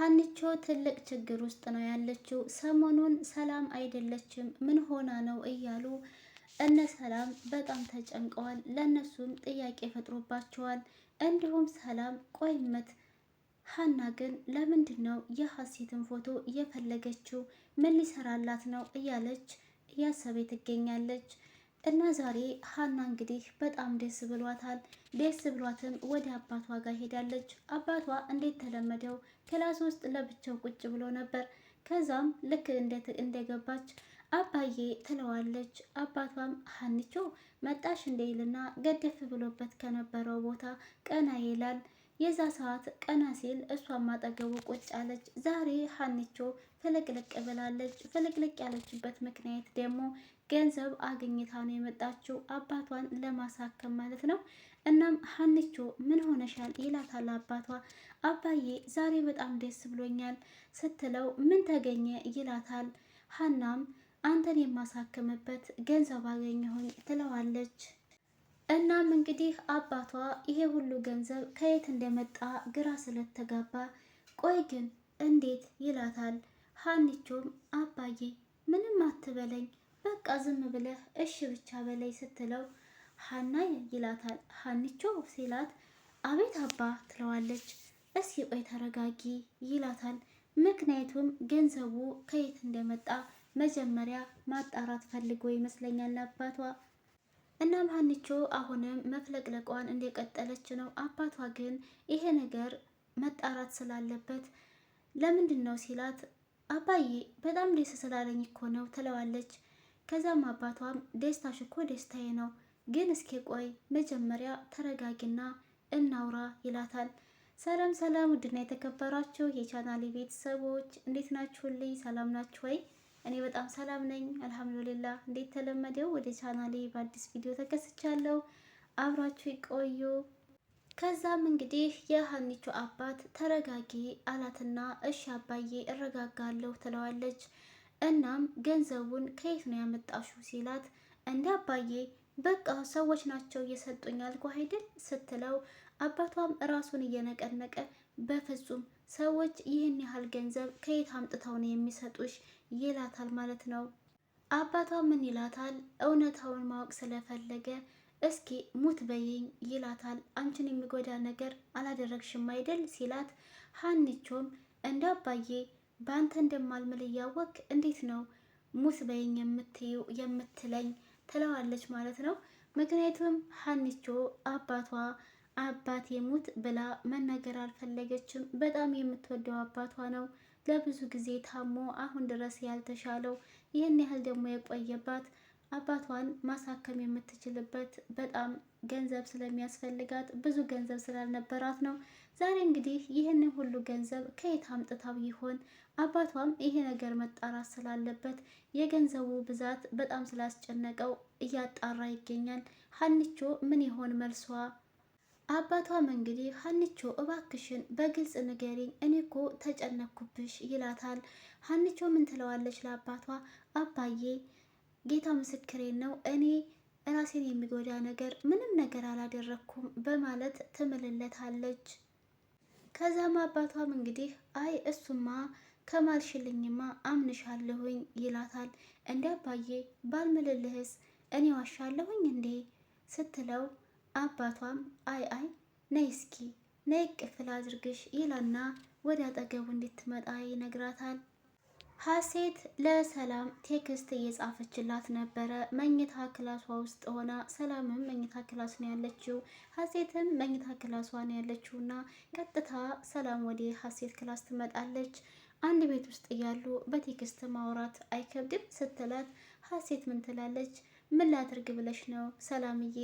ሀንቾ ትልቅ ችግር ውስጥ ነው ያለችው። ሰሞኑን ሰላም አይደለችም፣ ምን ሆና ነው እያሉ እነ ሰላም በጣም ተጨንቀዋል። ለእነሱም ጥያቄ ፈጥሮባቸዋል። እንዲሁም ሰላም ቆይመት ሀና ግን ለምንድን ነው የሀሴትን ፎቶ የፈለገችው? ምን ሊሰራላት ነው? እያለች እያሰበ ትገኛለች። እና ዛሬ ሀና እንግዲህ በጣም ደስ ብሏታል። ደስ ብሏትም ወደ አባቷ ጋር ሄዳለች። አባቷ ተለመደው ክላስ ውስጥ ለብቻው ቁጭ ብሎ ነበር። ከዛም ልክ እንደገባች አባዬ ትለዋለች። አባቷም ሀንቾ መጣሽ እንደ ይልና ገደፍ ብሎበት ከነበረው ቦታ ቀና ይላል። የዛ ሰዓት ቀና ሲል እሷ አጠገቡ ቁጭ አለች። ዛሬ ሀኒቾ ፍልቅልቅ ብላለች። ፍልቅልቅ ያለችበት ምክንያት ደግሞ ገንዘብ አግኝታ ነው የመጣችው፣ አባቷን ለማሳከም ማለት ነው። እናም ሀኒቾ ምን ሆነሻል ይላታል አባቷ። አባዬ ዛሬ በጣም ደስ ብሎኛል ስትለው ምን ተገኘ ይላታል። ሀናም አንተን የማሳክምበት ገንዘብ አገኘሁኝ ትለዋለች። እናም እንግዲህ አባቷ ይሄ ሁሉ ገንዘብ ከየት እንደመጣ ግራ ስለተጋባ ቆይ ግን እንዴት ይላታል። ሀኒቾም አባዬ ምንም አትበለኝ፣ በቃ ዝም ብለህ እሺ ብቻ በለይ ስትለው ሀና ይላታል። ሀኒቾ ሲላት አቤት አባ ትለዋለች። እስኪ ቆይ ተረጋጊ ይላታል። ምክንያቱም ገንዘቡ ከየት እንደመጣ መጀመሪያ ማጣራት ፈልጎ ይመስለኛል አባቷ እናም ሀኒቾ አሁንም መፍለቅለቋን እንደቀጠለች ነው። አባቷ ግን ይሄ ነገር መጣራት ስላለበት ለምንድን ነው ሲላት አባዬ በጣም ደስ ስላለኝ እኮ ነው ትለዋለች። ከዛም አባቷም ደስታሽ እኮ ደስታዬ ነው፣ ግን እስኪ ቆይ መጀመሪያ ተረጋጊና እናውራ ይላታል። ሰላም ሰላም! ውድና የተከበራችሁ የቻናሌ ቤተሰቦች እንዴት ናችሁልኝ? ሰላም ናችሁ ወይ? እኔ በጣም ሰላም ነኝ አልሐምዱሊላ። እንዴት ተለመደው ወደ ቻናሌ በአዲስ ቪዲዮ ተከስቻለሁ። አብራችሁ ይቆዩ። ከዛም እንግዲህ የሀኒቹ አባት ተረጋጊ አላትና እሺ አባዬ እረጋጋለሁ ትለዋለች። እናም ገንዘቡን ከየት ነው ያመጣሹ ሲላት እንደ አባዬ በቃ ሰዎች ናቸው እየሰጡኝ አልኩ አይደል ስትለው አባቷም ራሱን እየነቀነቀ በፍጹም ሰዎች ይህን ያህል ገንዘብ ከየት አምጥተው ነው የሚሰጡሽ ይላታል ማለት ነው። አባቷ ምን ይላታል? እውነታውን ማወቅ ስለፈለገ እስኪ ሙት በይኝ ይላታል። አንቺን የሚጎዳ ነገር አላደረግሽም አይደል ሲላት፣ ሀንቾም እንደ አባዬ በአንተ እንደማልምል እያወቅ እንዴት ነው ሙት በይኝ የምትለኝ ትለዋለች ማለት ነው። ምክንያቱም ሀንቾ አባቷ አባቴ ሙት ብላ መናገር አልፈለገችም። በጣም የምትወደው አባቷ ነው። ለብዙ ጊዜ ታሞ አሁን ድረስ ያልተሻለው ይህን ያህል ደግሞ የቆየባት አባቷን ማሳከም የምትችልበት በጣም ገንዘብ ስለሚያስፈልጋት ብዙ ገንዘብ ስላልነበራት ነው። ዛሬ እንግዲህ ይህንን ሁሉ ገንዘብ ከየት አምጥታው ይሆን? አባቷም ይሄ ነገር መጣራት ስላለበት የገንዘቡ ብዛት በጣም ስላስጨነቀው እያጣራ ይገኛል። ሀኒቾ ምን ይሆን መልሷ? አባቷም እንግዲህ ሀንቾ እባክሽን በግልጽ ንገሪኝ፣ እኔ እኮ ተጨነኩብሽ ይላታል። ሀንቾ ምን ትለዋለች ለአባቷ? አባዬ ጌታ ምስክሬን ነው እኔ ራሴን የሚጎዳ ነገር ምንም ነገር አላደረግኩም በማለት ትምልለታለች። ከዛም አባቷም እንግዲህ አይ እሱማ ከማልሽልኝማ አምንሻለሁኝ ይላታል። እንዲ አባዬ ባልምልልህስ እኔ ዋሻለሁኝ እንዴ ስትለው አባቷም አይ አይ ነይ እስኪ ነይ ቅፍል አድርግሽ ይላና ወደ አጠገቡ እንድትመጣ ይነግራታል። ሀሴት ለሰላም ቴክስት እየጻፈችላት ነበረ መኝታ ክላሷ ውስጥ ሆና። ሰላምም መኝታ ክላስ ነው ያለችው፣ ሀሴትም መኝታ ክላሷ ነው ያለችው እና ቀጥታ ሰላም ወደ ሀሴት ክላስ ትመጣለች። አንድ ቤት ውስጥ እያሉ በቴክስት ማውራት አይከብድም ስትላት ሀሴት ምን ትላለች? ምን ላድርግ ብለሽ ነው ሰላምዬ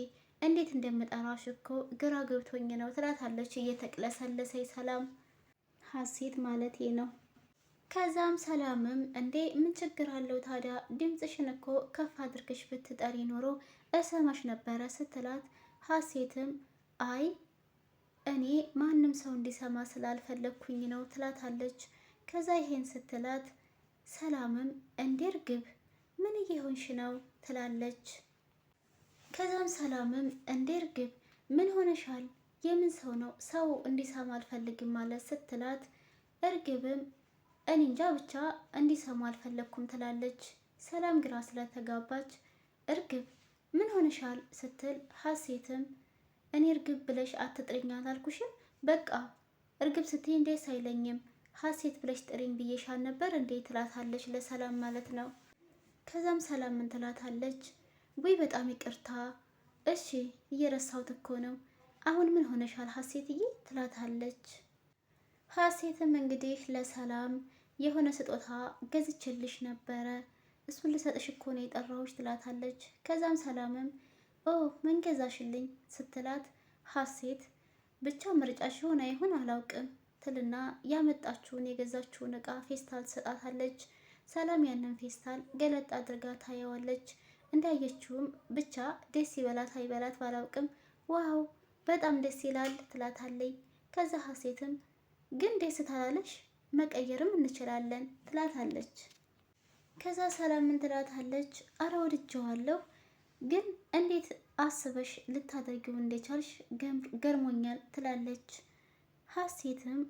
እንዴት እንደምጠራሽ እኮ ግራ ገብቶኝ ነው ትላታለች እየተቅለሰለሰኝ ሰላም ሀሴት ማለቴ ነው። ከዛም ሰላምም እንዴ ምን ችግር አለው ታዲያ ድምፅሽን እኮ ከፍ አድርገሽ ብትጠሪ ኖሮ እሰማሽ ነበረ ስትላት ሀሴትም አይ እኔ ማንም ሰው እንዲሰማ ስላልፈለግኩኝ ነው ትላታለች። ከዛ ይሄን ስትላት ሰላምም እንዴ እርግብ ምን እየሆንሽ ነው ትላለች። ከዛም ሰላምም እንዴ እርግብ ምን ሆነሻል? የምን ሰው ነው ሰው እንዲሰማ አልፈልግም ማለት ስትላት፣ እርግብም እኔ እንጃ ብቻ እንዲሰማ አልፈለግኩም ትላለች። ሰላም ግራ ስለተጋባች እርግብ ምን ሆነሻል ስትል፣ ሀሴትም እኔ እርግብ ብለሽ አትጥሪኝ አላልኩሽም? በቃ እርግብ ስትይ እንዴ አይለኝም ሀሴት ብለሽ ጥሪኝ ብዬሻል ነበር እንዴ ትላታለች፣ ለሰላም ማለት ነው። ከዛም ሰላም ምን ትላታለች ወይ በጣም ይቅርታ፣ እሺ እየረሳሁት እኮ ነው። አሁን ምን ሆነሻል ሀሴትዬ? ትላታለች። ሀሴትም እንግዲህ ለሰላም የሆነ ስጦታ ገዝችልሽ ነበረ እሱን ልሰጥሽ እኮ ነው የጠራሁሽ ትላታለች። ከዛም ሰላምም ኦ ምን ገዛሽልኝ ስትላት ሀሴት ብቻ ምርጫሽ ይሆን አይሆን አላውቅም ትልና ያመጣችውን የገዛችውን እቃ ፌስታል ትሰጣታለች። ሰላም ያንን ፌስታል ገለጥ አድርጋ ታየዋለች። እንዳየችውም ብቻ ደስ ይበላት አይበላት ባላውቅም ዋው በጣም ደስ ይላል ትላታለይ። ከዛ ሀሴትም ግን ደስ ታላለች መቀየርም እንችላለን ትላታለች። ከዛ ሰላም ምን ትላታለች? አረ ወድጀዋለሁ፣ ግን እንዴት አስበሽ ልታደርጊው እንደቻልሽ ገርሞኛል ትላለች። ሀሴትም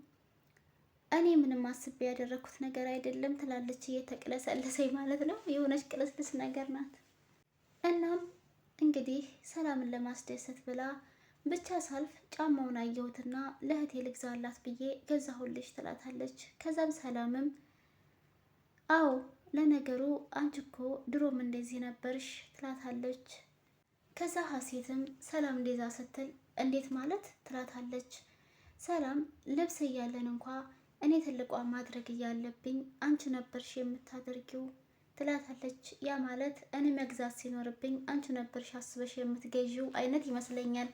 እኔ ምንም አስቤ ያደረግኩት ነገር አይደለም ትላለች፣ እየተቅለሰለሰኝ ማለት ነው። የሆነች ቅለስልስ ነገር ናት። እናም እንግዲህ ሰላምን ለማስደሰት ብላ ብቻ ሳልፍ ጫማውን አየሁትና ለእህቴ ልግዛላት ብዬ ገዛሁልሽ ትላታለች። ከዛም ሰላምም አዎ ለነገሩ አንቺ እኮ ድሮም እንደዚህ ነበርሽ ትላታለች። ከዛ ሀሴትም ሰላም እንደዛ ስትል እንዴት ማለት ትላታለች። ሰላም ልብስ እያለን እንኳ እኔ ትልቋ ማድረግ እያለብኝ አንቺ ነበርሽ የምታደርጊው ትላታለች። ያ ማለት እኔ መግዛት ሲኖርብኝ አንቺ ነበርሽ አስበሽ የምትገዢው አይነት ይመስለኛል።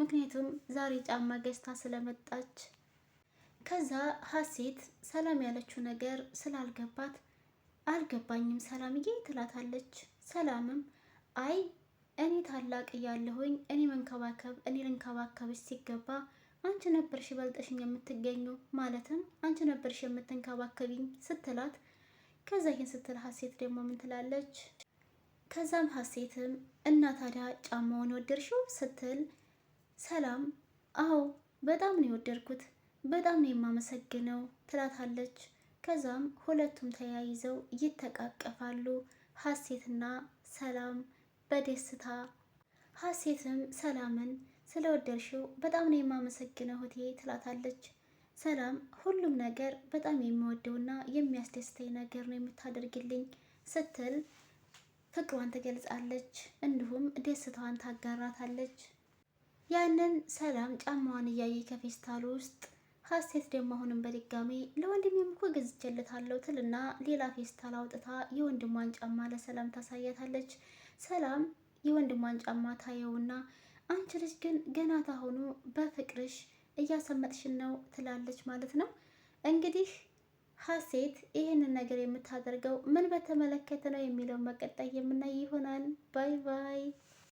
ምክንያቱም ዛሬ ጫማ ገዝታ ስለመጣች። ከዛ ሀሴት ሰላም ያለችው ነገር ስላልገባት አልገባኝም ሰላምዬ ትላታለች። ሰላምም አይ እኔ ታላቅ እያለሁኝ እኔ መንከባከብ እኔ ልንከባከብሽ ሲገባ አንቺ ነበርሽ በልጠሽኝ የምትገኙ ማለትም አንቺ ነበርሽ የምትንከባከቢኝ ስትላት ከዛ ይህን ስትል ሀሴት ደግሞ ምን ትላለች? ከዛም ሀሴትም እና ታዲያ ጫማውን ወደድሽው ስትል ሰላም አዎ በጣም ነው የወደድኩት፣ በጣም ነው የማመሰግነው ትላታለች። ከዛም ሁለቱም ተያይዘው ይተቃቀፋሉ ሀሴትና ሰላም በደስታ ሀሴትም ሰላምን ስለወደድሽው በጣም ነው የማመሰግነው ሆቴ ትላታለች። ሰላም ሁሉም ነገር በጣም የሚወደውና የሚያስደስተኝ ነገር ነው የምታደርግልኝ ስትል ፍቅሯን ትገልጻለች። እንዲሁም ደስታዋን ታጋራታለች። ያንን ሰላም ጫማዋን እያየ ከፌስታሉ ውስጥ ሀሴት ደግሞ አሁንም በድጋሚ ለወንድሜም እኮ ገዝቼለታለሁ ትልና ሌላ ፌስታል አውጥታ የወንድሟን ጫማ ለሰላም ታሳያታለች። ሰላም የወንድሟን ጫማ ታየውና አንቺ ልጅ ግን ገና ታሁኑ በፍቅርሽ እያሰመጥሽን ነው ትላለች ማለት ነው። እንግዲህ ሀሴት ይህንን ነገር የምታደርገው ምን በተመለከተ ነው የሚለው መቀጣይ የምናይ ይሆናል። ባይ ባይ